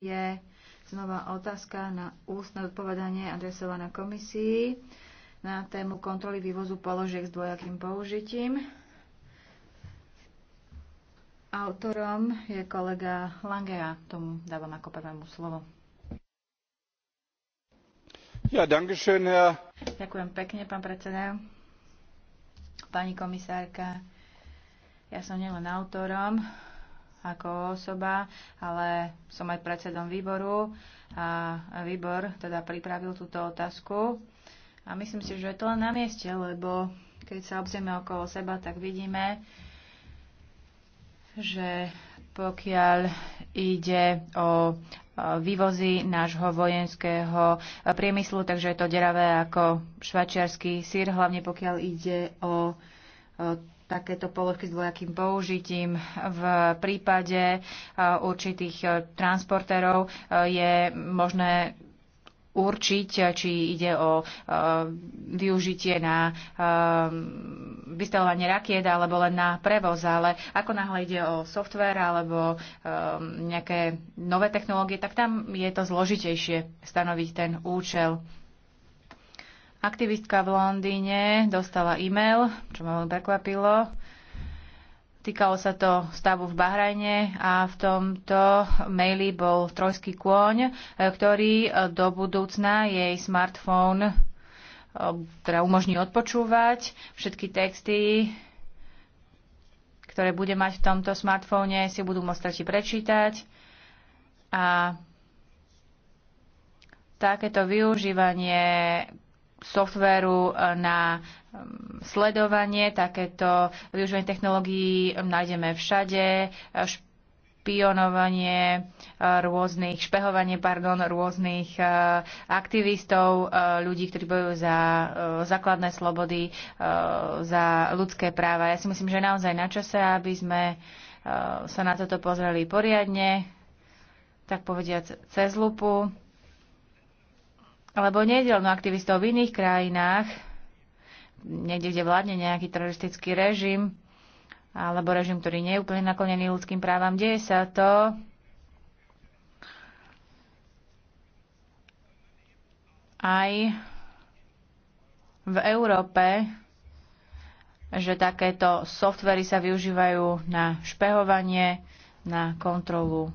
je znova otázka na ústne odpovedanie adresovaná komisii na tému kontroly vývozu položiek s dvojakým použitím. Autorom je kolega Lange a tomu dávam ako prvému slovo. Ja, dankeschön, ja. Ďakujem pekne, pán predseda. Pani komisárka, ja som nielen autorom, ako osoba, ale som aj predsedom výboru a výbor teda pripravil túto otázku. A myslím si, že je to len na mieste, lebo keď sa obzrieme okolo seba, tak vidíme, že pokiaľ ide o vývozy nášho vojenského priemyslu, takže je to deravé ako švačiarský sír, hlavne pokiaľ ide o takéto položky s dvojakým použitím. V prípade e, určitých e, transportérov e, je možné určiť, či ide o využitie na vystavovanie rakiet alebo len na prevoz, ale ako náhle ide o software alebo nejaké nové technológie, tak tam je to zložitejšie stanoviť ten účel. Aktivistka v Londýne dostala e-mail, čo ma veľmi prekvapilo. Týkalo sa to stavu v Bahrajne a v tomto maili bol trojský kôň, e, ktorý e, do budúcna jej smartfón e, teda umožní odpočúvať všetky texty, ktoré bude mať v tomto smartfóne, si budú môcť stačiť prečítať. A takéto využívanie softvéru e, na mm, sledovanie. Takéto využívanie technológií nájdeme všade. E, špionovanie e, rôznych, špehovanie, pardon, rôznych aktivistov, ľudí, ktorí bojujú za základné slobody, za ľudské práva. Ja si myslím, že naozaj na čase, aby sme sa na toto pozreli poriadne, tak povediať cez lupu alebo nedelnú aktivistov v iných krajinách, niekde, kde vládne nejaký teroristický režim, alebo režim, ktorý nie je úplne naklonený ľudským právam. Deje sa to aj v Európe, že takéto softvery sa využívajú na špehovanie, na kontrolu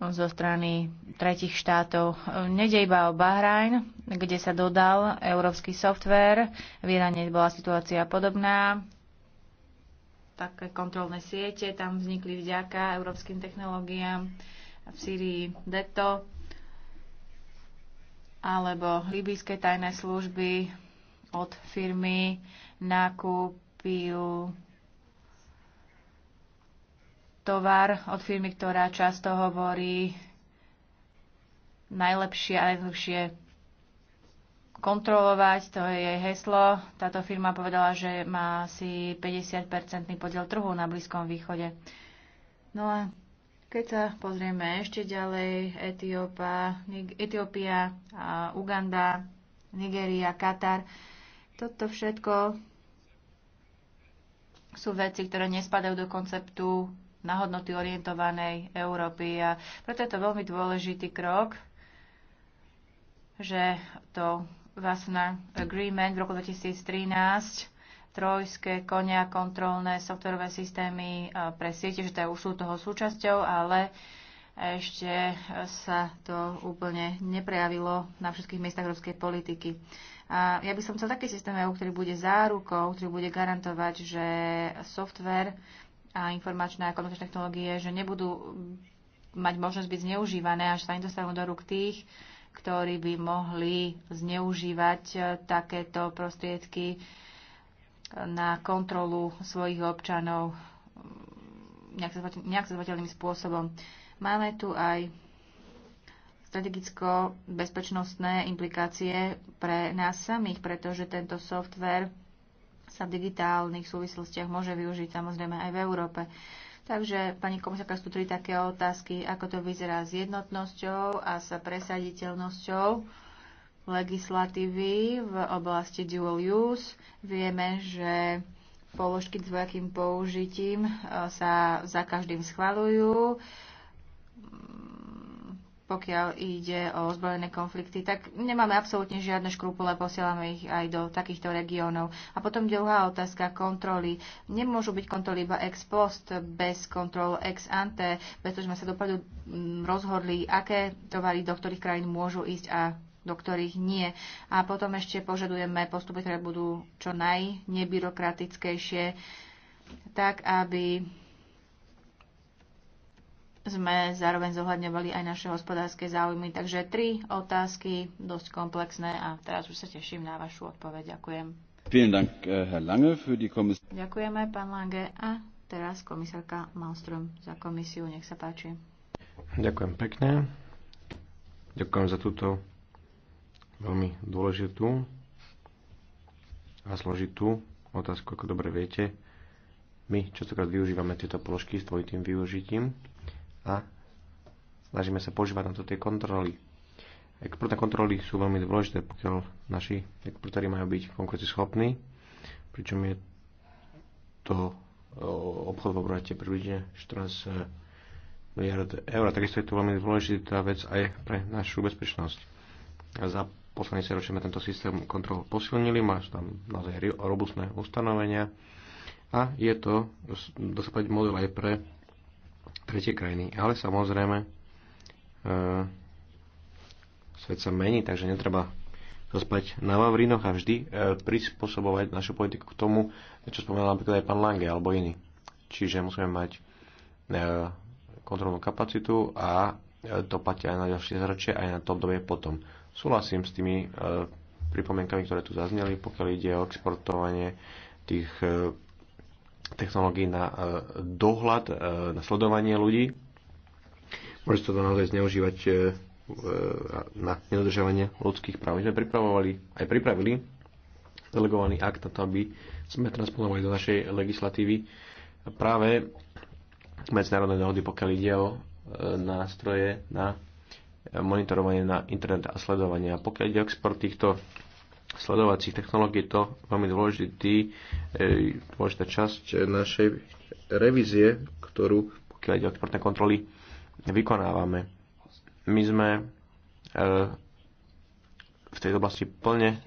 zo strany tretich štátov. Nede iba o Bahrajn, kde sa dodal európsky software. V Iráne bola situácia podobná. Také kontrolné siete tam vznikli vďaka európskym technológiám. V Syrii DETO alebo libijské tajné služby od firmy nákupil tovar od firmy, ktorá často hovorí najlepšie a najlepšie kontrolovať, to je jej heslo. Táto firma povedala, že má asi 50-percentný podiel trhu na Blízkom východe. No a keď sa pozrieme ešte ďalej, Etiópa, Etiópia, Uganda, Nigeria, Katar, toto všetko sú veci, ktoré nespadajú do konceptu na hodnoty orientovanej Európy. A preto je to veľmi dôležitý krok, že to Wasner Agreement v roku 2013 trojské konia, kontrolné softwarové systémy pre siete, že to už sú toho súčasťou, ale ešte sa to úplne neprejavilo na všetkých miestach európskej politiky. A ja by som chcel taký systém EU, ktorý bude zárukou, ktorý bude garantovať, že software a informačné a komunikačné technológie, že nebudú mať možnosť byť zneužívané, až sa im dostanú do rúk tých, ktorí by mohli zneužívať eh, takéto prostriedky eh, na kontrolu svojich občanov mm, zvateľným spôsobom. Máme tu aj strategicko-bezpečnostné implikácie pre nás samých, pretože tento software sa v digitálnych súvislostiach môže využiť samozrejme aj v Európe. Takže, pani komisárka, sú tri také otázky, ako to vyzerá s jednotnosťou a s presaditeľnosťou legislatívy v oblasti dual use. Vieme, že položky s dvojakým použitím e, sa za každým schvalujú pokiaľ ide o ozbrojené konflikty, tak nemáme absolútne žiadne škrupule, posielame ich aj do takýchto regiónov. A potom druhá otázka, kontroly. Nemôžu byť kontroly iba ex post, bez kontrol ex ante, pretože sme sa dopadu mm, rozhodli, aké tovary do ktorých krajín môžu ísť a do ktorých nie. A potom ešte požadujeme postupy, ktoré budú čo najnebyrokratickejšie, tak aby sme zároveň zohľadňovali aj naše hospodárske záujmy. Takže tri otázky, dosť komplexné a teraz už sa teším na vašu odpoveď. Ďakujem. Eh, Ďakujeme, pán Lange. A teraz komisárka Malmström za komisiu. Nech sa páči. Ďakujem pekne. Ďakujem za túto veľmi dôležitú a zložitú otázku, ako dobre viete. My častokrát využívame tieto položky s dvojitým využitím a snažíme sa používať na to tie kontroly. Exportné kontroly sú veľmi dôležité, pokiaľ naši exportéri majú byť schopní, pričom je to obchod v obrate približne 14 e, miliard eur. Takisto je to veľmi dôležitá vec aj pre našu bezpečnosť. A za posledný sa sme tento systém kontrol posilnili, má tam naozaj robustné ustanovenia a je to, dosť model aj pre tretie krajiny. Ale samozrejme, e, svet sa mení, takže netreba zaspať na Vavrinoch a vždy e, prispôsobovať našu politiku k tomu, čo spomínal napríklad aj pán Lange alebo iný. Čiže musíme mať e, kontrolnú kapacitu a e, to platí aj na ďalšie zračie, aj na to obdobie potom. Súhlasím s tými e, pripomienkami, ktoré tu zazneli, pokiaľ ide o exportovanie tých e, technológií na e, dohľad, e, na sledovanie ľudí. Môže sa to naozaj zneužívať e, na nedodržovanie ľudských práv. My sme pripravovali, aj pripravili delegovaný akt na to, aby sme transponovali do našej legislatívy práve medzinárodné dohody, pokiaľ ide o nástroje na monitorovanie na internet a sledovanie. A pokiaľ ide o export týchto sledovacích technológií, to veľmi dôležitý, e, dôležitá časť našej revízie, ktorú, pokiaľ ide o exportné kontroly, vykonávame. My sme e, v tej oblasti plne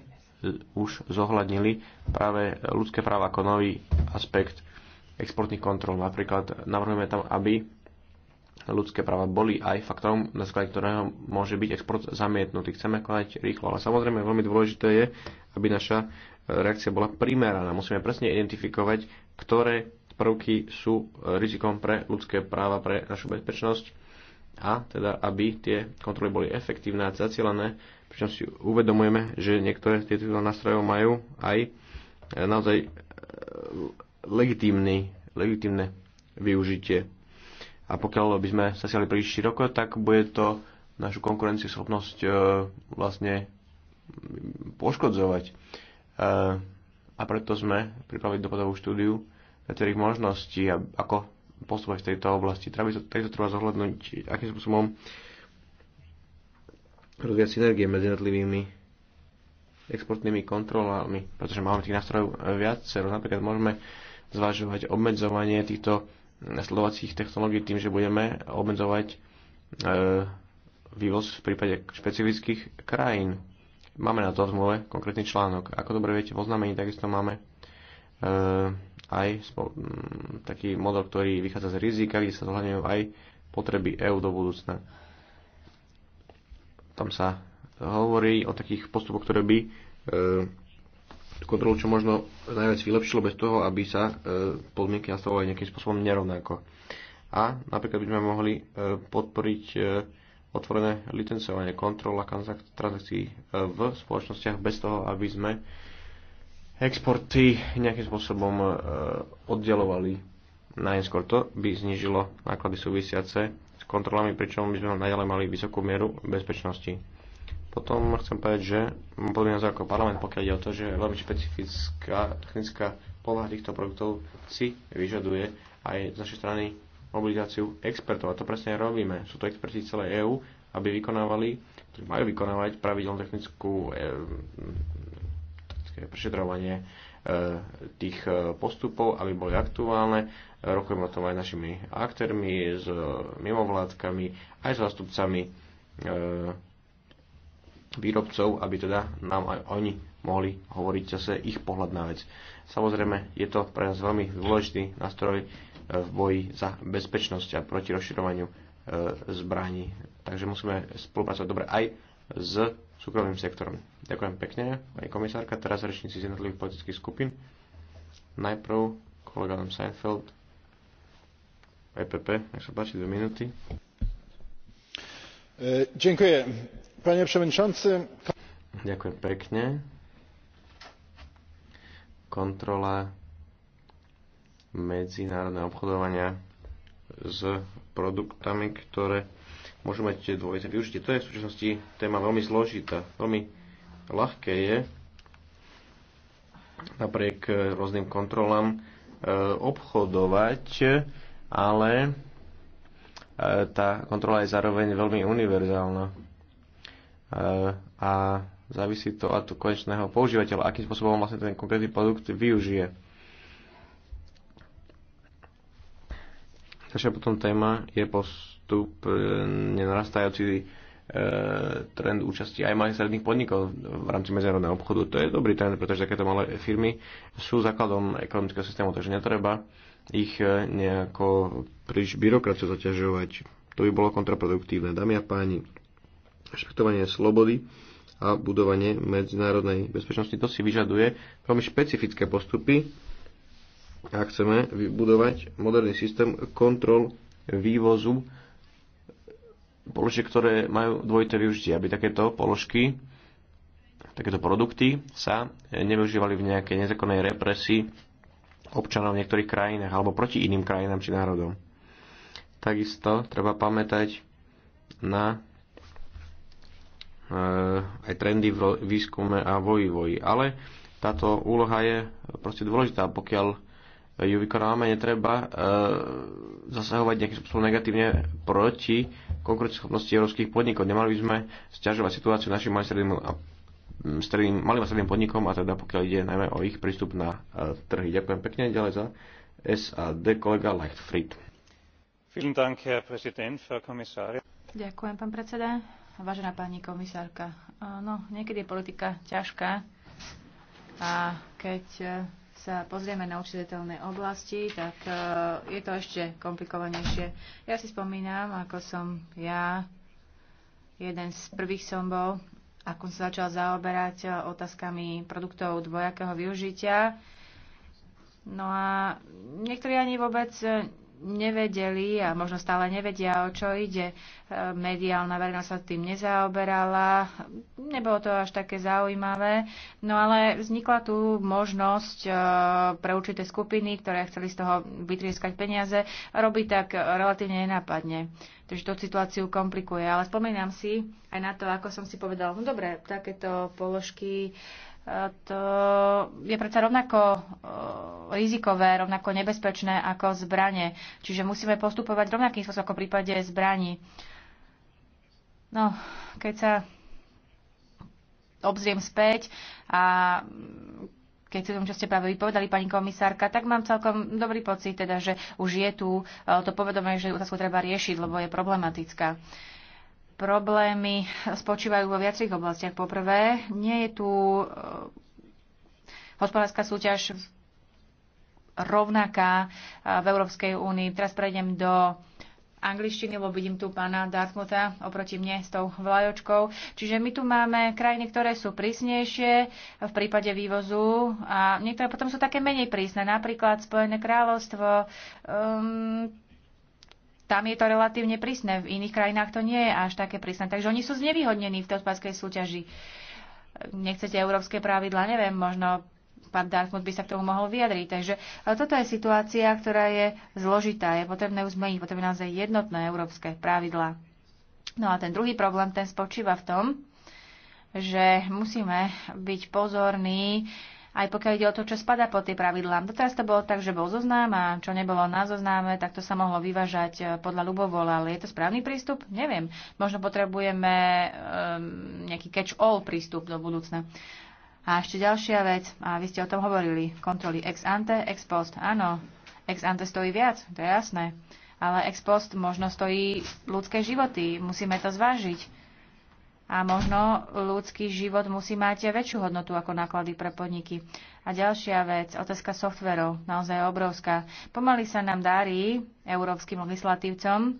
už zohľadnili práve ľudské práva ako nový aspekt exportných kontrol. Napríklad navrhujeme tam, aby ľudské práva boli aj faktorom, na základe ktorého môže byť export zamietnutý. Chceme konať rýchlo, ale samozrejme veľmi dôležité je, aby naša e, reakcia bola primeraná. Musíme presne identifikovať, ktoré prvky sú e, rizikom pre ľudské práva, pre našu bezpečnosť a teda, aby tie kontroly boli efektívne a zacielené, pričom si uvedomujeme, že niektoré z týchto nástrojov majú aj e, naozaj legitímne využitie a pokiaľ by sme sa siali príliš široko, tak bude to našu konkurencieschopnosť e, vlastne poškodzovať. E, a preto sme pripravili dopadovú štúdiu viacerých možností, a, ako postupovať v tejto oblasti. Treba sa tejto treba zohľadnúť, akým spôsobom rozvíjať synergie medzi jednotlivými exportnými kontrolami, pretože máme tých nástrojov viacero. Napríklad môžeme zvažovať obmedzovanie týchto sledovacích technológií tým, že budeme obmedzovať e, vývoz v prípade špecifických krajín. Máme na to v zmluve konkrétny článok. Ako dobre viete, v oznámení takisto máme e, aj taký model, ktorý vychádza z rizika, kde sa zohľadňujú aj potreby EÚ do budúcna. Tam sa hovorí o takých postupoch, ktoré by e, kontrolu čo možno najviac vylepšilo bez toho, aby sa e, podmienky nastavovali nejakým spôsobom nerovnako. A napríklad by sme mohli e, podporiť e, otvorené licencovanie, kontrola transakcií v spoločnostiach bez toho, aby sme exporty nejakým spôsobom oddelovali najskôr. To by znižilo náklady súvisiace s kontrolami, pričom by sme naďalej mali vysokú mieru bezpečnosti potom chcem povedať, že podľa mňa ako parlament, pokiaľ ide o to, že veľmi špecifická technická povaha týchto produktov si vyžaduje aj z našej strany obligáciu expertov. A to presne robíme. Sú to experti celej EÚ, aby vykonávali, ktorí majú vykonávať pravidelnú technickú e, prešetrovanie e, tých e, postupov, aby boli aktuálne. Rokujeme o tom aj našimi aktérmi, s mimovládkami, aj s zástupcami e, výrobcov, aby teda nám aj oni mohli hovoriť zase ich pohľad na vec. Samozrejme, je to pre nás veľmi dôležitý nástroj e, v boji za bezpečnosť a proti rozširovaniu e, zbraní. Takže musíme spolupracovať dobre aj s súkromným sektorom. Ďakujem pekne, pani komisárka. Teraz rečníci z jednotlivých politických skupín. Najprv kolega Adam Seinfeld, EPP, nech sa páči, dve minúty. E, ďakujem Panie przewodniczący. Ďakujem pekne. Kontrola medzinárodného obchodovania s produktami, ktoré môžu mať dvojité využitie. To je v súčasnosti téma veľmi zložitá. Veľmi ľahké je napriek rôznym kontrolám e, obchodovať, ale e, tá kontrola je zároveň veľmi univerzálna. Eh, a závisí to od konečného používateľa, akým spôsobom vlastne ten konkrétny produkt využije. Ďalšia potom téma je postup eh, nenarastajúci eh, trend účasti aj malých stredných podnikov v rámci medzinárodného obchodu. To je dobrý trend, pretože takéto malé firmy sú základom ekonomického systému, takže netreba ich nejako príliš byrokraciu zaťažovať. To by bolo kontraproduktívne. Dámy a páni, rešpektovanie slobody a budovanie medzinárodnej bezpečnosti. To si vyžaduje veľmi špecifické postupy, ak chceme vybudovať moderný systém kontrol vývozu položiek, ktoré majú dvojité využitie, aby takéto položky, takéto produkty sa nevyužívali v nejakej nezakonnej represii občanov v niektorých krajinách alebo proti iným krajinám či národom. Takisto treba pamätať na aj trendy v výskume a vo vývoji. Ale táto úloha je proste dôležitá, pokiaľ ju vykonávame, netreba e, zasahovať nejakým spôsobom negatívne proti konkurenceschopnosti európskych podnikov. Nemali by sme stiažovať situáciu našim malým stredným stredným, malým a stredným podnikom a teda pokiaľ ide najmä o ich prístup na e, trhy. Ďakujem pekne ďalej za SAD kolega Leichtfried. Ďakujem, pán predseda. Vážená pani komisárka, no, niekedy je politika ťažká a keď e, sa pozrieme na učiteľné oblasti, tak e, je to ešte komplikovanejšie. Ja si spomínam, ako som ja, jeden z prvých som bol, ako som začal zaoberať e, otázkami produktov dvojakého využitia. No a niektorí ani vôbec nevedeli a možno stále nevedia, o čo ide. E, mediálna verejnosť sa tým nezaoberala, nebolo to až také zaujímavé, no ale vznikla tu možnosť e, pre určité skupiny, ktoré chceli z toho vytrieskať peniaze, robiť tak relatívne nenápadne. Takže to situáciu komplikuje. Ale spomínam si aj na to, ako som si povedal, no dobre, takéto položky to je predsa rovnako e, rizikové, rovnako nebezpečné ako zbranie. Čiže musíme postupovať rovnakým spôsobom ako v prípade zbraní. No, keď sa obzriem späť a keď si tom, čo ste práve vypovedali, pani komisárka, tak mám celkom dobrý pocit, teda, že už je tu e, to povedomie, že otázku treba riešiť, lebo je problematická. Uh, Problémy spočívajú vo viacerých oblastiach. Poprvé, nie je tu e, hospodárska súťaž rovnaká e, v Európskej únii. Teraz prejdem do angličtiny, lebo vidím tu pána Dartmuta oproti mne s tou vlajočkou. Čiže my tu máme krajiny, ktoré sú prísnejšie v prípade vývozu a niektoré potom sú také menej prísne, napríklad Spojené kráľovstvo. Um, tam je to relatívne prísne, v iných krajinách to nie je až také prísne. Takže oni sú znevýhodnení v hospodárskej súťaži. Nechcete európske pravidla, neviem, možno pán Dartmouth by sa k tomu mohol vyjadriť. Takže toto je situácia, ktorá je zložitá. Je potrebné ju zmeniť, potrebné naozaj jednotné európske pravidlá. No a ten druhý problém, ten spočíva v tom, že musíme byť pozorní aj pokiaľ ide o to, čo spada pod tie pravidlá. Doteraz to bolo tak, že bol zoznám a čo nebolo na zoznáme, tak to sa mohlo vyvážať e, podľa ľubovola. Ale je to správny prístup? Neviem. Možno potrebujeme um, nejaký catch-all prístup do budúcna. A ešte ďalšia vec, a vy ste o tom hovorili, kontroly ex ante, ex post. Áno, ex ante stojí viac, to je jasné. Ale ex post možno stojí ľudské životy, musíme to zvážiť a možno ľudský život musí mať väčšiu hodnotu ako náklady pre podniky. A ďalšia vec, otázka softverov, naozaj obrovská. Pomaly sa nám darí európskym legislatívcom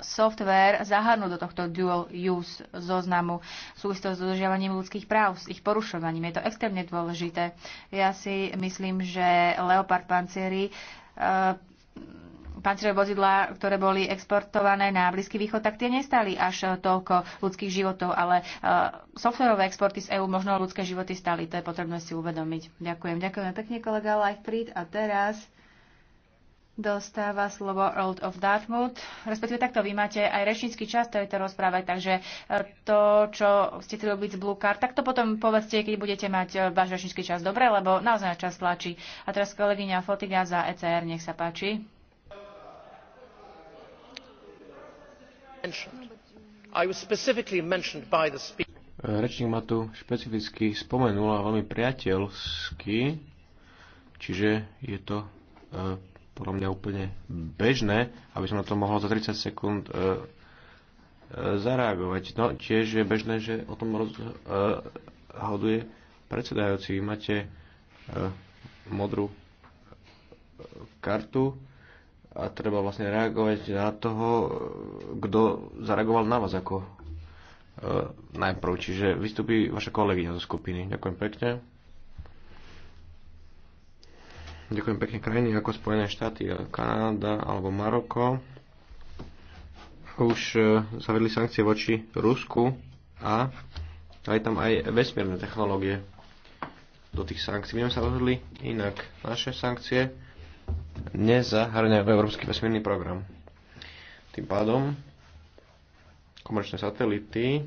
software zahrnúť do tohto dual use zoznamu. súvisto s dodržiavaním ľudských práv, s ich porušovaním. Je to extrémne dôležité. Ja si myslím, že Leopard Pancieri uh, pancerové vozidlá, ktoré boli exportované na Blízky východ, tak tie nestali až eh, toľko ľudských životov, ale eh, softwarové exporty z EÚ možno ľudské životy stali. To je potrebné si uvedomiť. Ďakujem. Ďakujem pekne, kolega Lightfried. A teraz dostáva slovo Earl of Dartmouth. Respektíve takto vy máte aj rečnícky čas je tejto rozprave, takže eh, to, čo ste chceli robiť z Blue Card, tak to potom povedzte, keď budete mať váš rečnícky čas dobre, lebo naozaj čas tlačí. A teraz kolegyňa Fotiga za ECR, nech sa páči. Rečník ma tu špecificky spomenul a veľmi priateľsky, čiže je to e, podľa mňa úplne bežné, aby som na to mohol za 30 sekúnd e, e, zareagovať. No, tiež je bežné, že o tom rozhoduje e, predsedajúci. Máte e, modrú e, kartu a treba vlastne reagovať na toho, kto zareagoval na vás ako e, najprv. Čiže vystupí vaša kolegyňa zo skupiny. Ďakujem pekne. Ďakujem pekne krajiny ako Spojené štáty, e, Kanada alebo Maroko. Už e, zavedli sankcie voči Rusku a aj tam aj vesmírne technológie do tých sankcií. My sme sa rozhodli inak. Naše sankcie nezahrňajú Európsky vesmírny program. Tým pádom komerčné satelity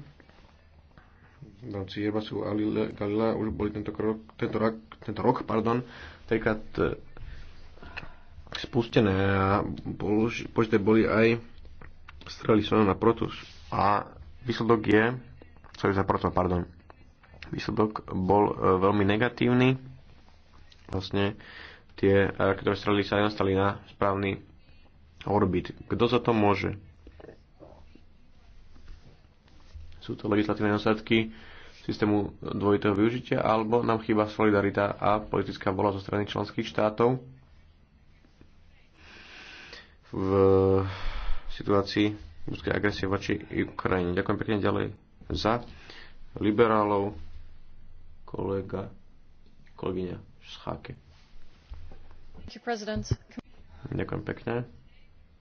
v rámci Airbusu Galilea už boli tento, krok, tento, rok, tento rok pardon, trikrát eh, spustené a počte boli aj strely som na Protus a výsledok je sorry za Protus, pardon výsledok bol eh, veľmi negatívny vlastne tie raketové eh, strely sa nastali na správny orbit. Kto za to môže? Sú to legislatívne následky systému dvojitého využitia, alebo nám chýba solidarita a politická vola zo strany členských štátov v situácii ruskej agresie voči Ukrajine. Ďakujem pekne ďalej za liberálov kolega, kolegyňa Schake. Ďakujem pekne.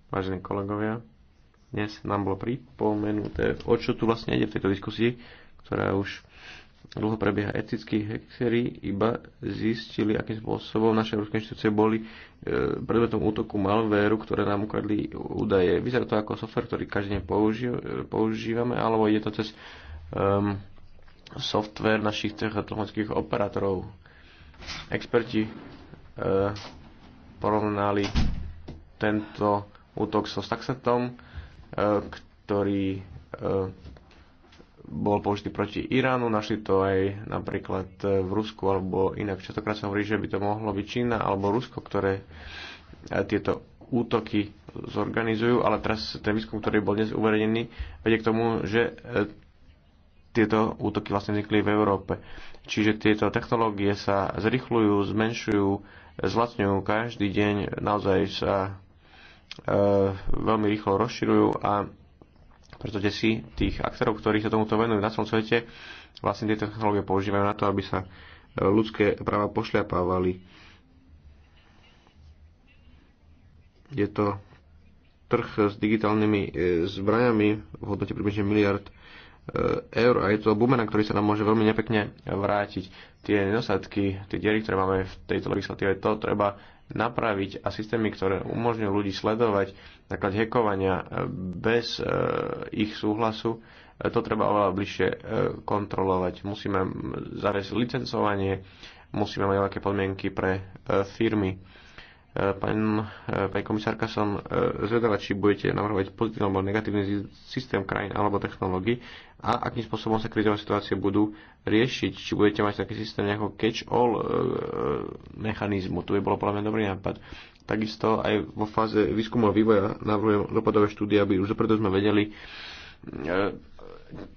Vážení kolegovia, dnes nám bolo pripomenuté, o čo tu vlastne ide v tejto diskusii, ktorá už dlho prebieha etický hekseri, iba zistili, akým spôsobom naše európske inštitúcie boli e, predmetom útoku malvéru, ktoré nám ukradli údaje. Vyzerá to ako software, ktorý každý deň použi- e, používame, alebo ide to cez um, software našich technologických operátorov. Experti e, porovnali tento útok so Stuxnetom, e, ktorý e, bol použitý proti Iránu, našli to aj napríklad v Rusku alebo inak. Častokrát sa hovorí, že by to mohlo byť Čína alebo Rusko, ktoré e, tieto útoky zorganizujú, ale teraz ten výskum, ktorý bol dnes uverejnený, vedie k tomu, že tieto útoky vlastne vznikli v Európe. Čiže tieto technológie sa zrychľujú, zmenšujú, zlacňujú každý deň, naozaj sa e, veľmi rýchlo rozširujú a preto si tých aktérov, ktorí sa tomuto venujú na celom svete, vlastne tieto technológie používajú na to, aby sa e, ľudské práva pošľapávali. Je to trh s digitálnymi e, zbraniami v hodnote približne miliard E, eur a je to bumerang, ktorý sa nám môže veľmi nepekne vrátiť. Tie nedostatky, tie diery, ktoré máme v tejto legislatíve, to treba napraviť a systémy, ktoré umožňujú ľudí sledovať základ hekovania e, bez e, ich súhlasu, to treba oveľa bližšie kontrolovať. Musíme zaviesť licencovanie, musíme mať nejaké podmienky pre firmy E, pán, e, pani komisárka, som e, zvedavá, či budete navrhovať pozitívny alebo negatívny systém krajín alebo technológií a akým spôsobom sa krizové situácie budú riešiť. Či budete mať taký systém ako catch-all mechanizmu. To by bolo podľa mňa dobrý nápad. Takisto aj vo fáze výskumu a vývoja navrhujem dopadové štúdie, aby už dopredu sme vedeli,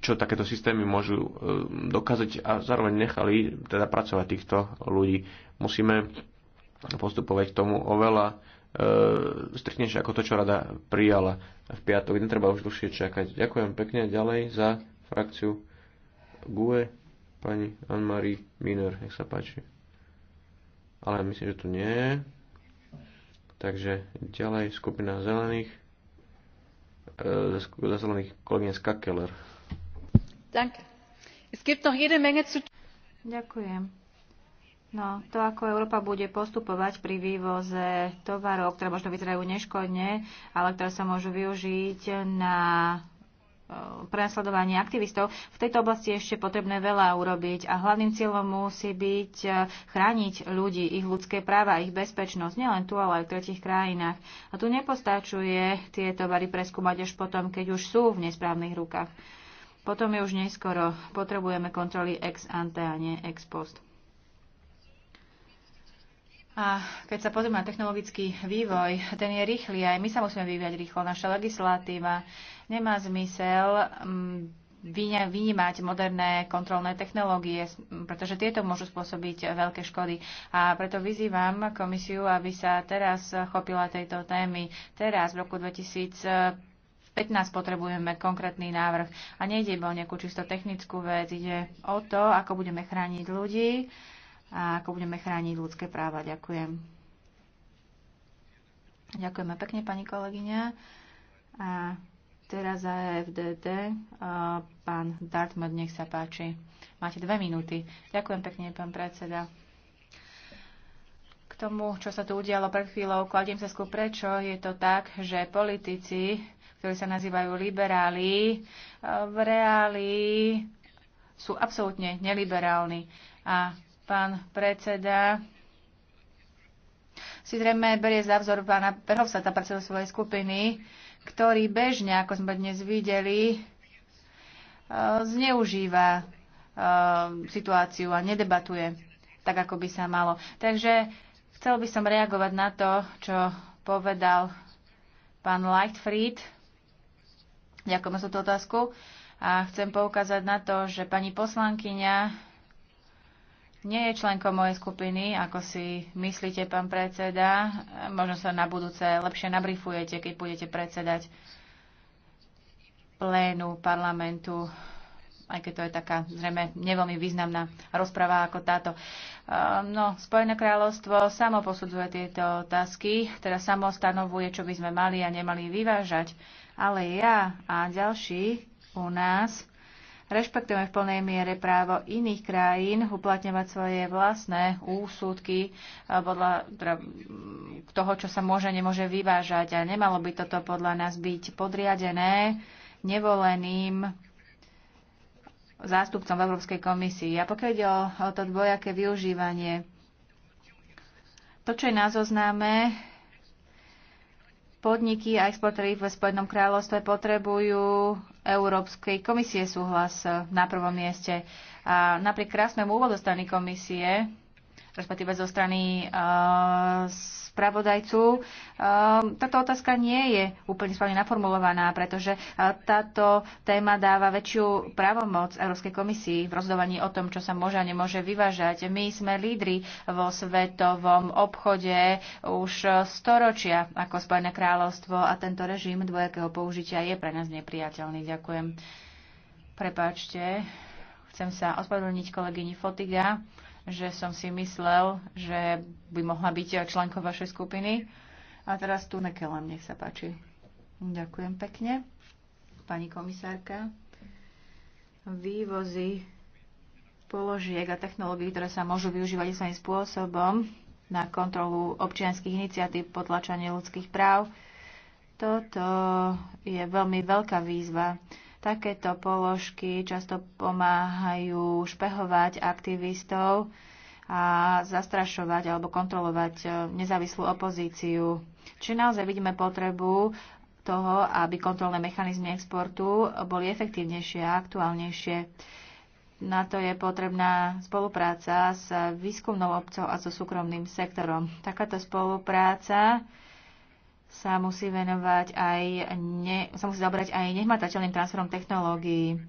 čo takéto systémy môžu dokázať a zároveň nechali teda pracovať týchto ľudí. Musíme postupovať k tomu oveľa e, striknejšie ako to, čo rada prijala v piatok. Netreba už dlhšie čakať. Ďakujem pekne ďalej za frakciu GUE pani Anne-Marie Miner. Nech sa páči. Ale myslím, že tu nie je. Takže ďalej skupina zelených e, za zelených kolegyne Skakeler. Ďakujem. Ďakujem. No, to, ako Európa bude postupovať pri vývoze tovarov, ktoré možno vyzerajú neškodne, ale ktoré sa môžu využiť na e, prenasledovanie aktivistov. V tejto oblasti je ešte potrebné veľa urobiť a hlavným cieľom musí byť e, chrániť ľudí, ich ľudské práva, ich bezpečnosť, nielen tu, ale aj v tretich krajinách. A tu nepostačuje tie tovary preskúmať až potom, keď už sú v nesprávnych rukách. Potom je už neskoro. Potrebujeme kontroly ex ante a nie ex post. A keď sa pozrieme na technologický vývoj, ten je rýchly, aj my sa musíme vyvíjať rýchlo. Naša legislatíva nemá zmysel mm, vynímať moderné kontrolné technológie, pretože tieto môžu spôsobiť veľké škody. A preto vyzývam komisiu, aby sa teraz chopila tejto témy. Teraz, v roku 2000 15 potrebujeme konkrétny návrh. A nejde iba o nejakú čisto technickú vec, ide o to, ako budeme chrániť ľudí, a ako budeme chrániť ľudské práva. Ďakujem. Ďakujeme pekne, pani kolegyňa. A teraz za e FDD e, pán Dartmouth, nech sa páči. Máte dve minúty. Ďakujem pekne, pán predseda K tomu, čo sa tu udialo pred chvíľou, kladiem sa skôr prečo. Je to tak, že politici, ktorí sa nazývajú liberáli, e, v reáli sú absolútne neliberálni. A pán predseda si zrejme berie za vzor pána Perhovsata, predseda svojej skupiny, ktorý bežne, ako sme dnes videli, eh, zneužíva eh, situáciu a nedebatuje tak, ako by sa malo. Takže chcel by som reagovať na to, čo povedal pán Lightfried. Ďakujem za tú otázku. A chcem poukázať na to, že pani poslankyňa nie je členkom mojej skupiny, ako si myslíte, pán predseda. Možno sa na budúce lepšie nabrifujete, keď budete predsedať plénu parlamentu, aj keď to je taká zrejme neveľmi významná rozpráva ako táto. Ehm, no, Spojené kráľovstvo samo posudzuje tieto otázky, teda samo stanovuje, čo by sme mali a nemali vyvážať. Ale ja a ďalší u nás rešpektujeme v plnej miere právo iných krajín uplatňovať svoje vlastné úsudky eh, podľa teda, mm, toho, čo sa môže, nemôže vyvážať. A nemalo by toto podľa nás byť podriadené nevoleným zástupcom v Európskej komisii. A pokiaľ ide o to dvojaké využívanie, to, čo je na zozname, podniky a exportéry v Spojenom kráľovstve potrebujú Európskej komisie súhlas na prvom mieste. A napriek krásnemu úvodu strany komisie, respektíve zo strany uh, spravodajcu. Ehm, táto otázka nie je úplne správne naformulovaná, pretože e, táto téma dáva väčšiu právomoc Európskej komisii v rozhodovaní o tom, čo sa môže a nemôže vyvážať. My sme lídri vo svetovom obchode už storočia ako Spojené kráľovstvo a tento režim dvojakého použitia je pre nás nepriateľný. Ďakujem. Prepáčte, chcem sa ospravedlniť kolegyni Fotiga že som si myslel, že by mohla byť členkou vašej skupiny. A teraz tu nekelem, nech sa páči. Ďakujem pekne. Pani komisárka, vývozy položiek a technológií, ktoré sa môžu využívať svojím spôsobom na kontrolu občianských iniciatív, potlačanie ľudských práv, toto je veľmi veľká výzva. Takéto položky často pomáhajú špehovať aktivistov a zastrašovať alebo kontrolovať e, nezávislú opozíciu. Či naozaj vidíme potrebu toho, aby kontrolné mechanizmy exportu boli efektívnejšie a aktuálnejšie. Na to je potrebná spolupráca s výskumnou obcov a so súkromným sektorom. Takáto spolupráca sa musí venovať aj, ne, sa musí zabrať aj nehmatateľným transferom technológií.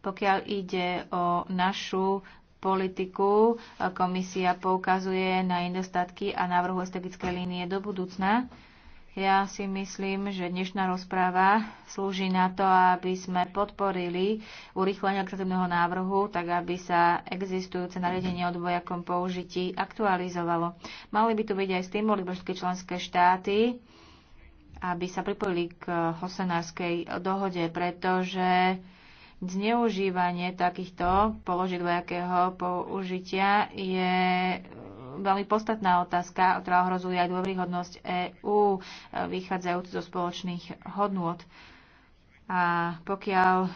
Pokiaľ ide o našu politiku, komisia poukazuje na nedostatky a návrhu estetické línie do budúcna ja si myslím, že dnešná rozpráva slúži na to, aby sme podporili urýchlenie legislatívneho návrhu, tak aby sa existujúce nariadenie o dvojakom použití aktualizovalo. Mali by tu byť aj stimuly pre všetky členské štáty, aby sa pripojili k hosenárskej dohode, pretože zneužívanie takýchto položiek dvojakého použitia je veľmi podstatná otázka, ktorá ohrozuje aj dôvryhodnosť EÚ, e, vychádzajúc zo spoločných hodnôt. A pokiaľ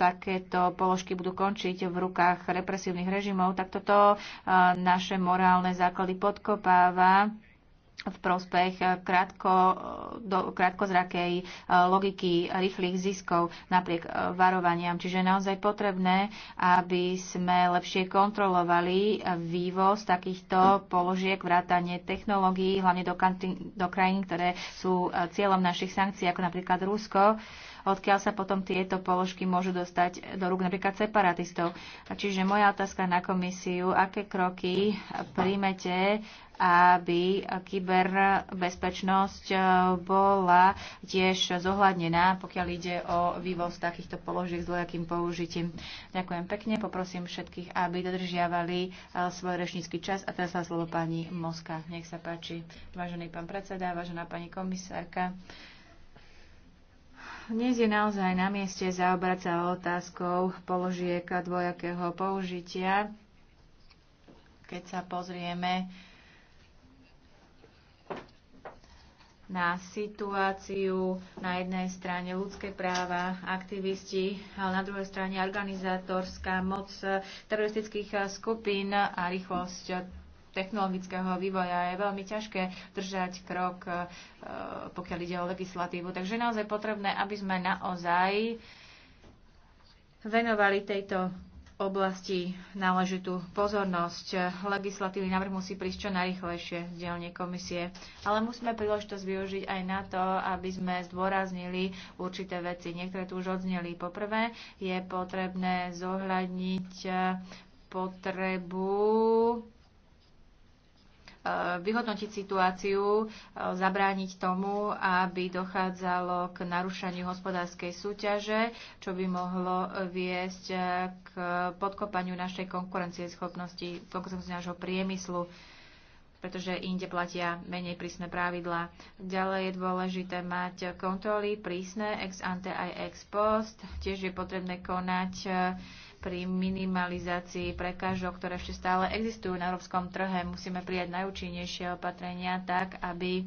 takéto položky budú končiť v rukách represívnych režimov, tak toto e, naše morálne základy podkopáva v prospech eh, krátko, eh, do, krátkozrakej eh, logiky rýchlych ziskov napriek varovaniam. Čiže je naozaj potrebné, aby sme lepšie kontrolovali vývoz takýchto položiek, vrátanie technológií, hlavne do, kanty, do krajín, ktoré sú cieľom našich sankcií, ako napríklad Rusko odkiaľ sa potom tieto položky môžu dostať do rúk napríklad separatistov. Čiže moja otázka na komisiu, aké kroky príjmete, aby kyberbezpečnosť eh, bola tiež zohľadnená, pokiaľ ide o vývoz takýchto položiek s dvojakým použitím. Ďakujem pekne, poprosím všetkých, aby dodržiavali eh, svoj rečnícky čas. A teraz sa slovo pani Moska. Nech sa páči, vážený pán predseda, vážená pani komisárka. Dnes je naozaj na mieste zaobrať sa otázkou položiek dvojakého použitia. Keď sa pozrieme na situáciu, na jednej strane ľudské práva, aktivisti, ale na druhej strane organizátorská moc teroristických skupín a rýchlosť technologického vývoja je veľmi ťažké držať krok, e, pokiaľ ide o legislatívu. Takže je naozaj potrebné, aby sme naozaj venovali tejto oblasti náležitú pozornosť. Legislatívny návrh musí prísť čo najrychlejšie z dielne komisie, ale musíme príležitosť využiť aj na to, aby sme zdôraznili určité veci. Niektoré tu už odzneli. Poprvé je potrebné zohľadniť potrebu vyhodnotiť situáciu, e, zabrániť tomu, aby dochádzalo k narušaniu hospodárskej súťaže, čo by mohlo viesť e, k podkopaniu našej konkurencieschopnosti, konkurencieschopnosti nášho priemyslu pretože inde platia menej prísne pravidlá. Ďalej je dôležité mať kontroly prísne ex ante aj ex post. Tiež je potrebné konať e, pri minimalizácii prekážok, ktoré ešte stále existujú na európskom trhe. Musíme prijať najúčinnejšie opatrenia tak, aby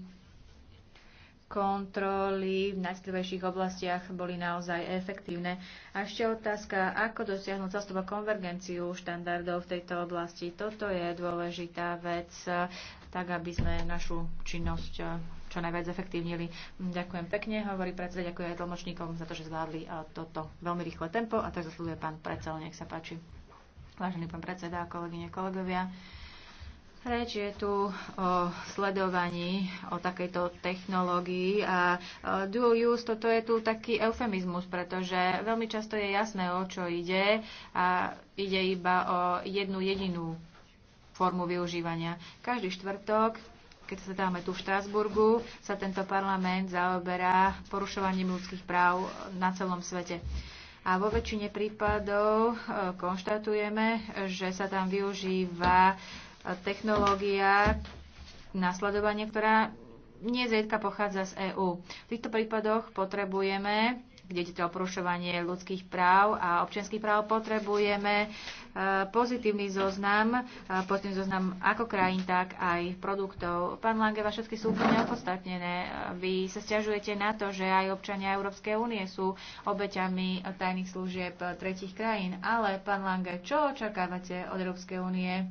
kontroly v najstlivejších oblastiach boli naozaj efektívne. A ešte otázka, ako dosiahnuť zastup konvergenciu štandardov v tejto oblasti. Toto je dôležitá vec, tak aby sme našu činnosť čo najviac efektívnili. Ďakujem pekne, hovorí predseda, ďakujem aj tlmočníkom za to, že zvládli eh, toto veľmi rýchle tempo a tak zaslúžuje pán predseda, nech sa páči. Vážený pán predseda, kolegyne, kolegovia, Reč je tu o sledovaní, o takejto technológii a eh, dual use, toto je tu taký eufemizmus, pretože veľmi často je jasné, o čo ide a ide iba o jednu jedinú formu využívania. Každý štvrtok keď sa dáme tu v Štrásburgu, sa tento parlament zaoberá porušovaním ľudských práv na celom svete. A vo väčšine prípadov e, konštatujeme, že sa tam využíva e, technológia nasledovania, ktorá nie zriedka pochádza z EÚ. V týchto prípadoch potrebujeme kde ide o porušovanie ľudských práv a občianských práv, potrebujeme e, pozitívny zoznam, e, pozitívny zoznam ako krajín, tak aj produktov. Pán Lange, vaše všetky sú úplne opodstatnené. Vy sa stiažujete na to, že aj občania Európskej únie sú obeťami tajných služieb tretich krajín. Ale, pán Lange, čo očakávate od Európskej únie?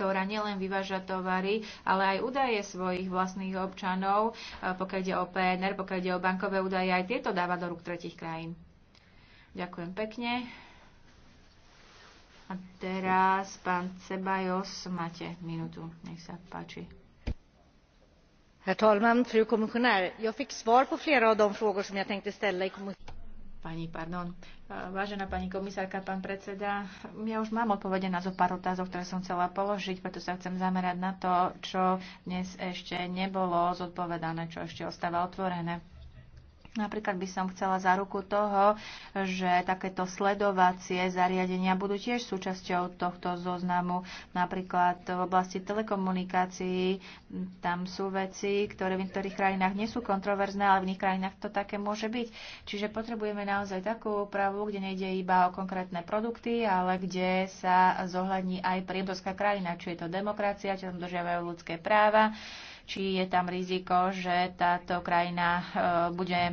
ktorá nielen vyváža tovary, ale aj údaje svojich vlastných občanov, e, pokiaľ ide o PNR, pokiaľ ide o bankové údaje, aj tieto dáva do rúk tretich krajín. Ďakujem pekne. A teraz pán Cebajos, máte minútu. Nech sa páči. Herr talman, fru kommissionär, jag fick svar på flera av de frågor som jag tänkte ställa i kommissionen. Pani, pardon. E, vážená pani komisárka, pán predseda, ja už mám odpovede na zo pár otázok, ktoré som chcela položiť, preto sa chcem zamerať na to, čo dnes ešte nebolo zodpovedané, čo ešte ostáva otvorené. Napríklad by som chcela za ruku toho, že takéto sledovacie zariadenia budú tiež súčasťou tohto zoznamu. Napríklad v oblasti telekomunikácií tam sú veci, ktoré v niektorých krajinách nie sú kontroverzné, ale v iných krajinách to také môže byť. Čiže potrebujeme naozaj takú úpravu, kde nejde iba o konkrétne produkty, ale kde sa zohľadní aj príjemcovská krajina, či je to demokracia, či tam dožiavajú ľudské práva či je tam riziko, že táto krajina e, bude e,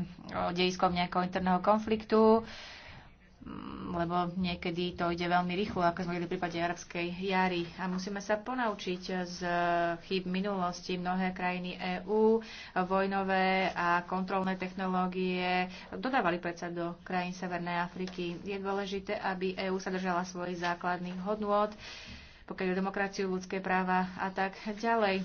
dejiskom nejakého interného konfliktu mm, lebo niekedy to ide veľmi rýchlo, ako sme videli v prípade arabskej jary. A musíme sa ponaučiť z e, chyb minulosti. Mnohé krajiny EÚ, vojnové a kontrolné technológie dodávali predsa do krajín Severnej Afriky. Je dôležité, aby EÚ sa držala svojich základných hodnôt, pokiaľ je demokraciu, ľudské práva a tak ďalej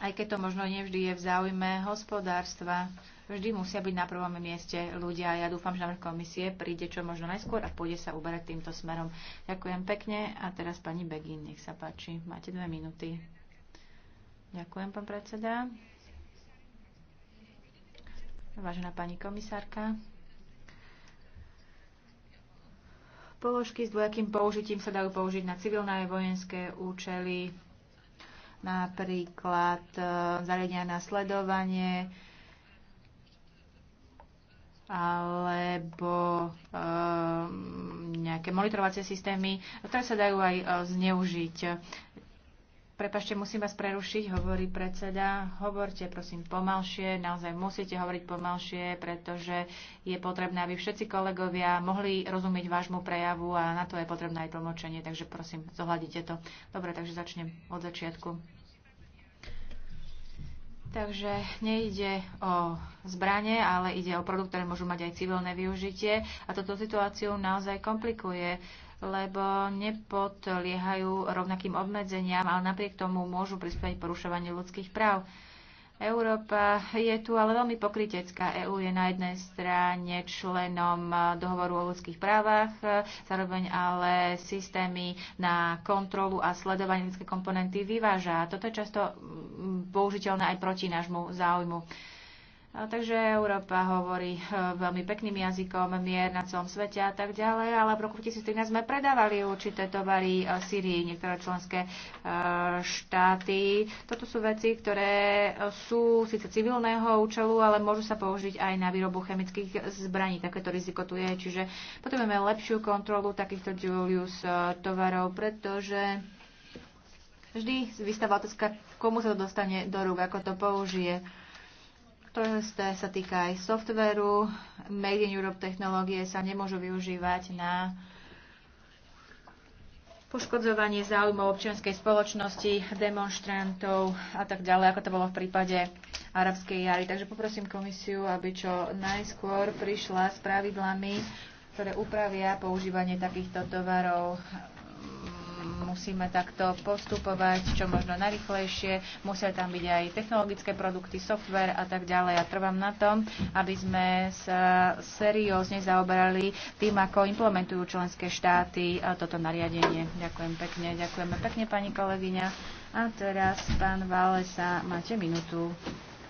aj keď to možno nevždy je v záujme hospodárstva. Vždy musia byť na prvom mieste ľudia. Ja dúfam, že návrh komisie príde čo možno najskôr a pôjde sa uberať týmto smerom. Ďakujem pekne a teraz pani Begin, nech sa páči. Máte dve minúty. Ďakujem, pán predseda. Vážená pani komisárka. Položky s dvojakým použitím sa dajú použiť na civilné a vojenské účely napríklad e, zariadenia na sledovanie, alebo um, nejaké monitorovacie systémy, ktoré sa dajú aj e, zneužiť. Prepašte, musím vás prerušiť, hovorí predseda. Hovorte prosím pomalšie, naozaj musíte hovoriť pomalšie, pretože je potrebné, aby všetci kolegovia mohli rozumieť vášmu prejavu a na to je potrebné aj tlmočenie, takže prosím, zohľadite to. Dobre, takže začnem od začiatku. Takže nejde o zbranie, ale ide o produkt, ktoré môžu mať aj civilné využitie a toto situáciu naozaj komplikuje lebo nepodliehajú rovnakým obmedzeniam, ale napriek tomu môžu prispieť porušovanie ľudských práv. Európa je tu ale veľmi pokritecká. EÚ je na jednej strane členom dohovoru o ľudských právach, zároveň ale systémy na kontrolu a sledovanie ľudské komponenty vyváža. Toto je často mm, použiteľné aj proti nášmu záujmu. Takže Európa hovorí e, veľmi pekným jazykom, mier na celom svete a tak ďalej, ale v roku 2013 sme predávali určité tovary e, Syrii, niektoré členské e, štáty. Toto sú veci, ktoré sú síce civilného účelu, ale môžu sa použiť aj na výrobu chemických zbraní. Takéto riziko tu je, čiže potrebujeme lepšiu kontrolu takýchto Julius tovarov, pretože vždy vystáva otázka, komu sa to dostane do rúk, ako to použije. To isté sa týka aj softveru. Made in Europe technológie sa nemôžu využívať na poškodzovanie záujmov občianskej spoločnosti, demonstrantov a tak ďalej, ako to bolo v prípade arabskej jary. Takže poprosím komisiu, aby čo najskôr prišla s pravidlami, ktoré upravia používanie takýchto tovarov musíme takto postupovať čo možno najrychlejšie. Musia tam byť aj technologické produkty, software a tak ďalej. A trvám na tom, aby sme sa seriózne zaoberali tým, ako implementujú členské štáty e, toto nariadenie. Ďakujem pekne. Ďakujeme pekne, pani kolegyňa. A teraz, pán Valesa, máte minútu.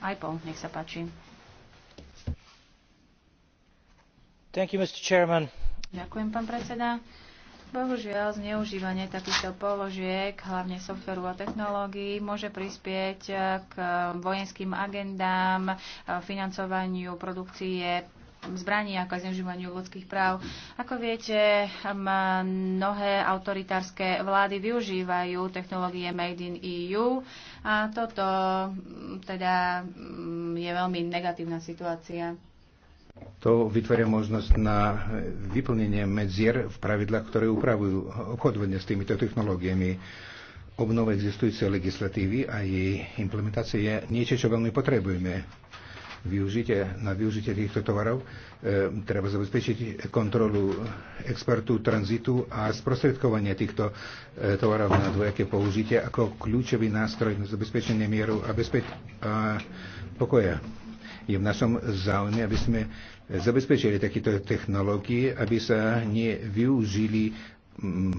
Aj pol, nech sa páči. You, Ďakujem, pán predseda. Bohužiaľ, zneužívanie takýchto položiek, hlavne softveru a technológií, môže prispieť eh, k vojenským agendám, eh, financovaniu produkcie zbraní, ako aj zneužívaniu ľudských práv. Ako viete, mnohé autoritárske vlády využívajú technológie Made in EU a toto teda je veľmi negatívna situácia. To vytvoria možnosť na vyplnenie medzier v pravidlách, ktoré upravujú obchodovanie s týmito technológiami. Obnova existujúcej legislatívy a jej implementácia je niečo, čo veľmi potrebujeme. Využite, na využitie týchto tovarov e, treba zabezpečiť kontrolu expertu, tranzitu a sprostredkovanie týchto e, tovarov na dvojaké použitie ako kľúčový nástroj na zabezpečenie mieru a, bezpeč- a pokoja. Je v našom záujme, aby sme zabezpečili takéto technológie, aby sa nevyužili mm,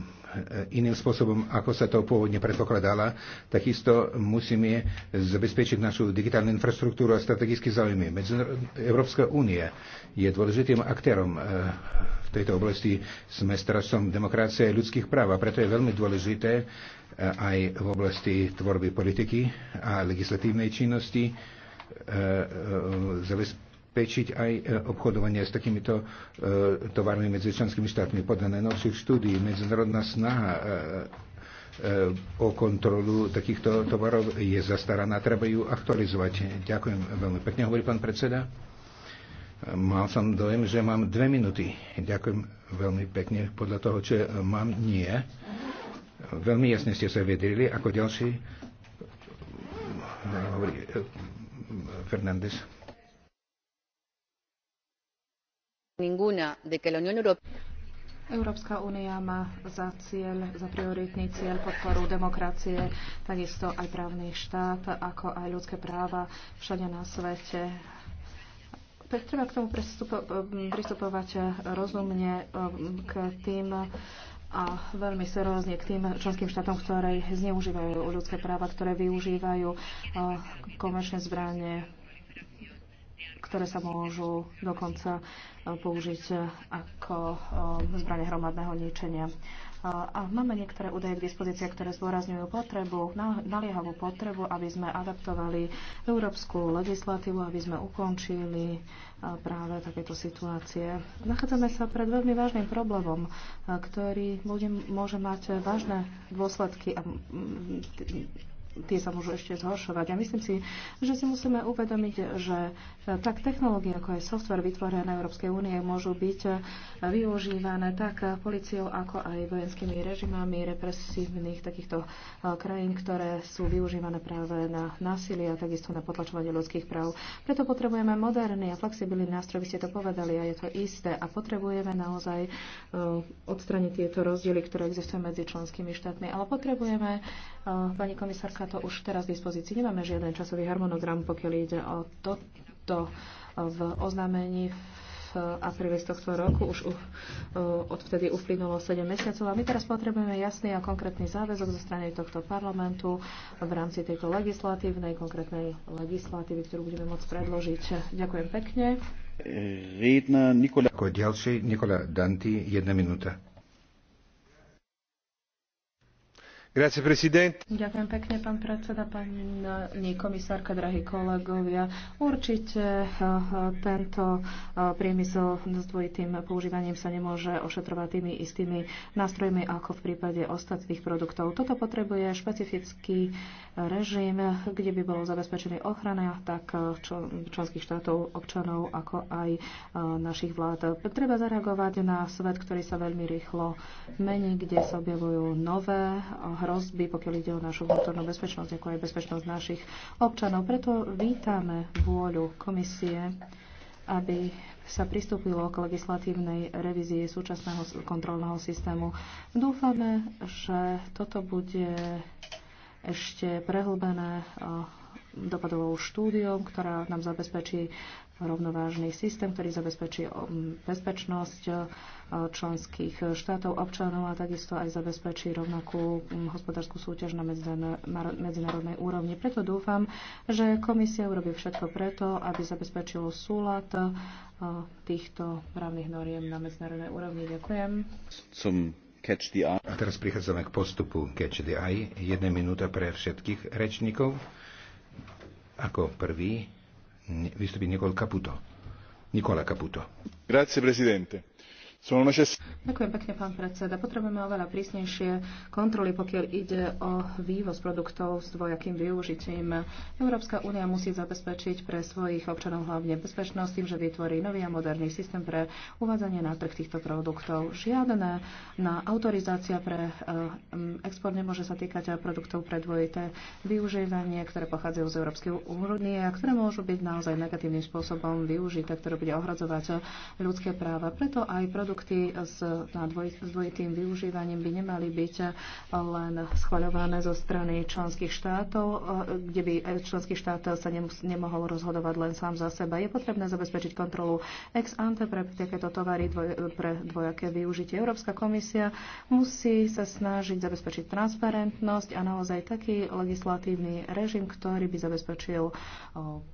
iným spôsobom, ako sa to pôvodne predpokladala. Takisto musíme zabezpečiť našu digitálnu infraštruktúru a strategické záujmy. Európska únia je dôležitým aktérom eh, v tejto oblasti. Sme strašom demokracie a ľudských práv a preto je veľmi dôležité eh, aj v oblasti tvorby politiky a legislatívnej činnosti E, e, zabezpečiť aj e, obchodovanie s takýmito tovarmi medzi členskými štátmi. Podľa najnovších štúdí medzinárodná snaha o kontrolu takýchto tovarov je zastaraná, treba ju aktualizovať. Ďakujem veľmi pekne, hovorí pán predseda. Mal som dojem, že mám dve minúty. Ďakujem veľmi pekne. Podľa toho, čo mám, nie. Veľmi jasne ste sa vedeli. Ako ďalší hovorí Fernández. Ninguna de que la Unión Europea... Európska únia má za cieľ, za prioritný cieľ podporu demokracie, takisto aj právny štát, ako aj ľudské práva všade na svete. Treba k tomu pristupovať eh, rozumne eh, k tým a veľmi seriózne k tým členským štátom, ktoré zneužívajú ľudské práva, ktoré využívajú e, komerčné zbranie, ktoré sa môžu dokonca e, použiť e, ako zbranie hromadného ničenia. A máme niektoré údaje k dispozícii, ktoré zdôrazňujú potrebu, naliehavú potrebu, aby sme adaptovali európsku legislatívu, aby sme ukončili práve takéto situácie. Nachádzame sa pred veľmi vážnym problémom, ktorý bude, môže mať vážne dôsledky a tie sa môžu ešte zhoršovať. A myslím si, že si musíme uvedomiť, že tak technológie, ako je software vytvorené na Európskej únie, môžu byť využívané tak policiou, ako aj vojenskými režimami represívnych takýchto eh, krajín, ktoré sú využívané práve na násilie a takisto na potlačovanie ľudských práv. Preto potrebujeme moderný a flexibilný nástroj, vy ste to povedali a je to isté. A potrebujeme naozaj eh, odstraniť tieto rozdiely, ktoré existujú medzi členskými štátmi. Ale potrebujeme, eh, pani komisárka, Rečnička to už teraz v dispozícii. Nemáme žiaden časový harmonogram, pokiaľ ide o toto v oznámení v apríli z tohto roku. Už uh, uh, odvtedy uplynulo 7 mesiacov a my teraz potrebujeme jasný a konkrétny záväzok zo strany tohto parlamentu v rámci tejto legislatívnej, konkrétnej legislatívy, ktorú budeme môcť predložiť. Ďakujem pekne. Riedna Nikola... Ako ďalší Nikola Danti, jedna minúta. Ďakujem pekne, pán predseda, pani komisárka, drahí kolegovia. Určite eh, tento eh, priemysel s dvojitým používaním sa nemôže ošetrovať tými istými nástrojmi ako v prípade ostatných produktov. Toto potrebuje špecifický režim, kde by bolo zabezpečený ochrana tak eh, členských štátov, občanov, ako aj našich vlád. Treba zareagovať na svet, ktorý sa veľmi rýchlo mení, kde sa objavujú nové hrozby, pokiaľ ide o našu vnútornú bezpečnosť, ako aj bezpečnosť našich občanov. Preto vítame vôľu komisie, aby sa pristúpilo k legislatívnej revízii súčasného kontrolného systému. Dúfame, že toto bude ešte prehlbené e, dopadovou štúdiou, ktorá nám zabezpečí rovnovážny systém, ktorý zabezpečí bezpečnosť členských štátov, občanov a takisto aj zabezpečí rovnakú mm, hospodárskú súťaž na medzinárodnej úrovni. Preto dúfam, že komisia urobí všetko preto, aby zabezpečilo súlad e, týchto právnych noriem na medzinárodnej úrovni. Ďakujem. Som Catch the Eye. A teraz prichádzame k postupu Catch the Eye. Jedna minúta pre všetkých rečníkov. Ako prvý vystupí Nikol Caputo. Nikola Caputo. Grazie, presidente Ďakujem pekne, pán predseda. Potrebujeme oveľa prísnejšie kontroly, pokiaľ ide o vývoz produktov s dvojakým využitím. Európska únia musí zabezpečiť pre svojich občanov hlavne bezpečnosť tým, že vytvorí nový a moderný systém pre uvádzanie na trh týchto produktov. Žiadne na autorizácia pre eh, export nemôže sa týkať produktov pre dvojité využívanie, ktoré pochádzajú z Európskej únie a ktoré môžu byť naozaj negatívnym spôsobom využité, ktoré bude ohrozovať ľudské práva. Preto aj produkt produkty s, na dvoj, s dvojitým využívaním by nemali byť len schvaľované zo strany členských štátov, kde by členský štát sa nemus, nemohol rozhodovať len sám za seba. Je potrebné zabezpečiť kontrolu ex ante pre takéto tovary dvoj, pre dvojaké využitie. Európska komisia musí sa snažiť zabezpečiť transparentnosť a naozaj taký legislatívny režim, ktorý by zabezpečil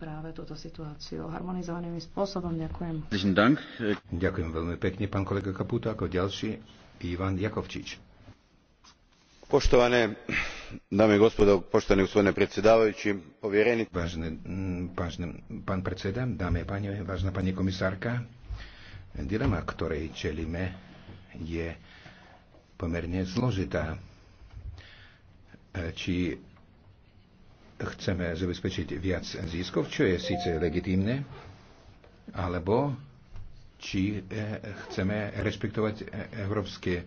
práve túto situáciu harmonizovaným spôsobom. Ďakujem. Ďakujem veľmi pekne, pán kolega Kaputo, ako ďalší Ivan jakovčič. Poštovane dame i gospodo, poštovani gospodine predsjedavajući, povjereniče. Vážne, vážne, pán predseda, dámy a páni, vážna pani komisárka, dilema, ktorej čelíme, je pomerne zložitá. Či chceme zabezpečiť viac ziskov, čo je síce legitímne, alebo či e, chceme rešpektovať e, európske e,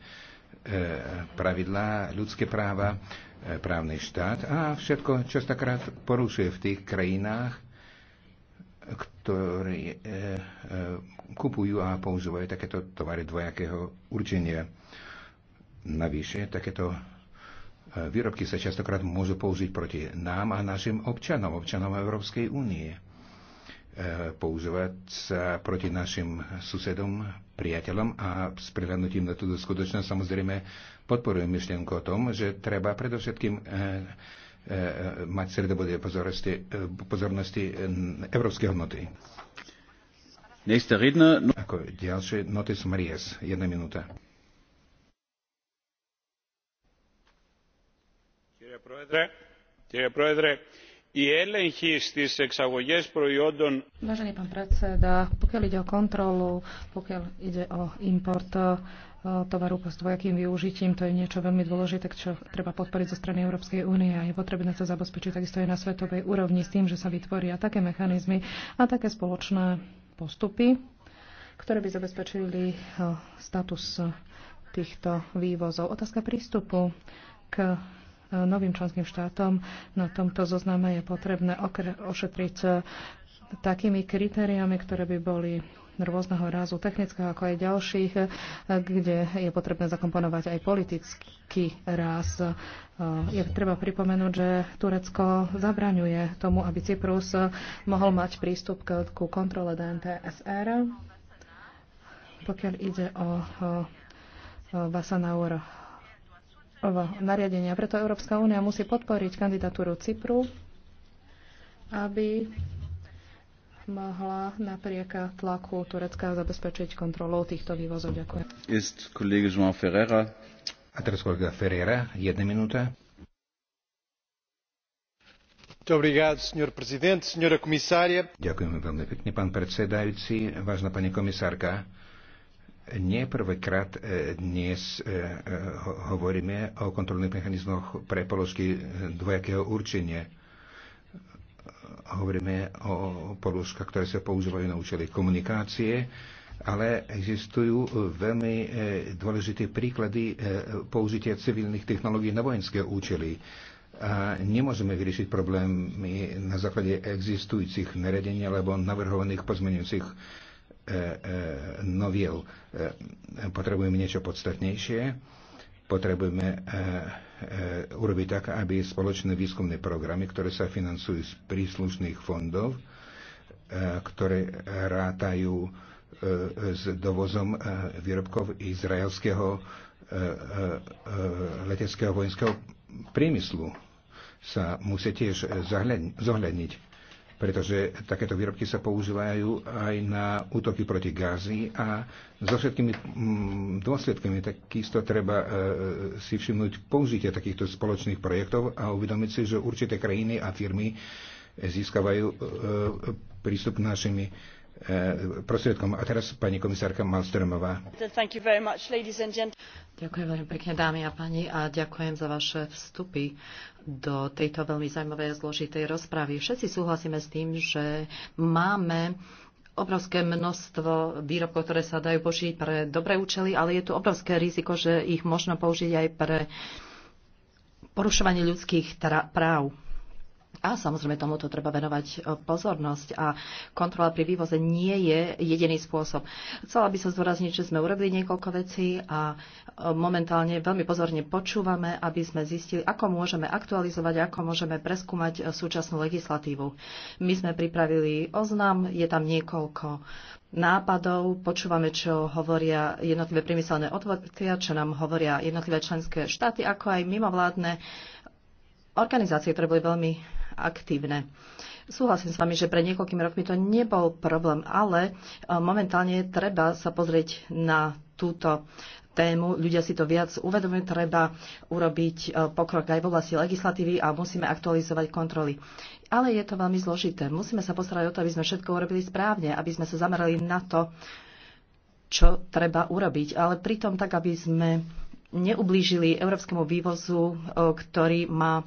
pravidlá, ľudské práva, právny štát a všetko častokrát porušuje v tých krajinách, ktoré kupujú a používajú takéto tovary dvojakého určenia. Navyše, takéto výrobky sa častokrát môžu použiť proti nám a našim občanom, občanom Európskej únie Eh, používať sa proti našim susedom, priateľom a s prihľadnutím na túto skutočnosť samozrejme podporujem myšlienku o tom, že treba predovšetkým eh, eh, mať sredobodie pozornosti, pozornosti európskej hodnoty. Nächster no... Ako ďalšie, Notis Maries, jedna minúta. Ďakujem, Πρόεδρε, Ďakujem, Πρόεδρε, Vážený pán predseda, pokiaľ ide o kontrolu, pokiaľ ide o import e, tovaru s dvojakým využitím, to je niečo veľmi dôležité, čo treba podporiť zo strany Európskej únie a je potrebné to zabezpečiť takisto aj na svetovej úrovni s tým, že sa vytvoria také mechanizmy a také spoločné postupy, ktoré by zabezpečili e, status týchto vývozov. Otázka prístupu k novým členským štátom na tomto zozname je potrebné ošetriť eh, takými kritériami, ktoré by boli rôzneho rázu technického, ako aj ďalších, eh, kde je potrebné zakomponovať aj politický ráz. Eh, je treba pripomenúť, že Turecko zabraňuje tomu, aby Cyprus mohol mať prístup ku kontrole DNTSR, pokiaľ ide o Vasanaur nariadenia. Preto Európska únia musí podporiť kandidatúru Cypru, aby mohla napriek tlaku Turecka zabezpečiť kontrolou týchto vývozov. Ďakujem. Ist kolega João Ferreira. A teraz kolega Ferreira, jedna minúta. Ďakujem veľmi pekne, pán predsedajúci, vážna pani komisárka nie prvýkrát e, dnes e, e, hovoríme o kontrolných mechanizmoch pre položky dvojakého určenia. Hovoríme o položkách, ktoré sa používajú na účely komunikácie, ale existujú veľmi dôležité príklady použitia civilných technológií na vojenské účely. A nemôžeme vyriešiť problémy na základe existujúcich naredení alebo navrhovaných pozmeňujúcich E, e, noviel. E, potrebujeme niečo podstatnejšie, potrebujeme urobiť tak, aby spoločné výskumné programy, ktoré sa financujú z príslušných fondov, ktoré rátajú s dovozom výrobkov izraelského leteckého vojenského priemyslu sa musí tiež zohľadniť pretože takéto výrobky sa používajú aj na útoky proti gázy a so všetkými mm, dôsledkami takisto treba e, e, si všimnúť použitie takýchto spoločných projektov a uvedomiť si, že určité krajiny a firmy získavajú e, prístup k našimi prostriedkom. A teraz pani komisárka Malstromová. Ďakujem veľmi pekne, dámy a pani, a ďakujem za vaše vstupy do tejto veľmi zaujímavej a zložitej rozpravy. Všetci súhlasíme s tým, že máme obrovské množstvo výrobkov, ktoré sa dajú použiť pre dobré účely, ale je tu obrovské riziko, že ich možno použiť aj pre porušovanie ľudských práv. A samozrejme tomuto treba venovať e, pozornosť a kontrola pri vývoze nie je jediný spôsob. Chcela by som zdôrazniť, že sme urobili niekoľko vecí a e, momentálne veľmi pozorne počúvame, aby sme zistili, ako môžeme aktualizovať, ako môžeme preskúmať e, súčasnú legislatívu. My sme pripravili oznam, je tam niekoľko nápadov, počúvame, čo hovoria jednotlivé priemyselné odvetvia, čo nám hovoria jednotlivé členské štáty, ako aj mimovládne organizácie, ktoré boli veľmi aktívne. Súhlasím s vami, že pre niekoľkými rokmi to nebol problém, ale e, momentálne treba sa pozrieť na túto tému. Ľudia si to viac uvedomujú, treba urobiť e, pokrok aj v oblasti legislatívy a musíme aktualizovať kontroly. Ale je to veľmi zložité. Musíme sa postarať o to, aby sme všetko urobili správne, aby sme sa zamerali na to, čo treba urobiť. Ale pritom tak, aby sme neublížili európskemu vývozu, e, ktorý má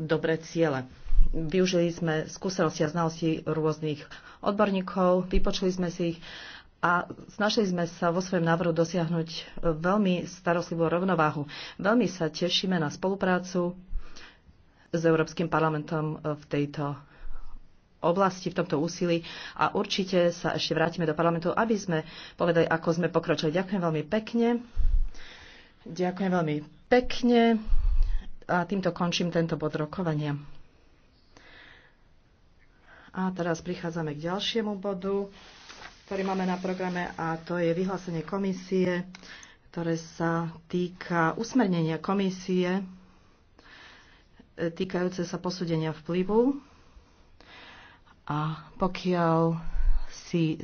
dobré ciele. Využili sme skúsenosti a znalosti rôznych odborníkov, vypočuli sme si ich a snažili sme sa vo svojom návrhu dosiahnuť veľmi starostlivú rovnováhu. Veľmi sa tešíme na spoluprácu s Európskym parlamentom v tejto oblasti, v tomto úsilí a určite sa ešte vrátime do parlamentu, aby sme povedali, ako sme pokročili. Ďakujem veľmi pekne. Ďakujem veľmi pekne. A týmto končím tento bod rokovania. A teraz prichádzame k ďalšiemu bodu, ktorý máme na programe, a to je vyhlásenie komisie, ktoré sa týka usmernenia komisie e, týkajúce sa posúdenia vplyvu. A pokiaľ si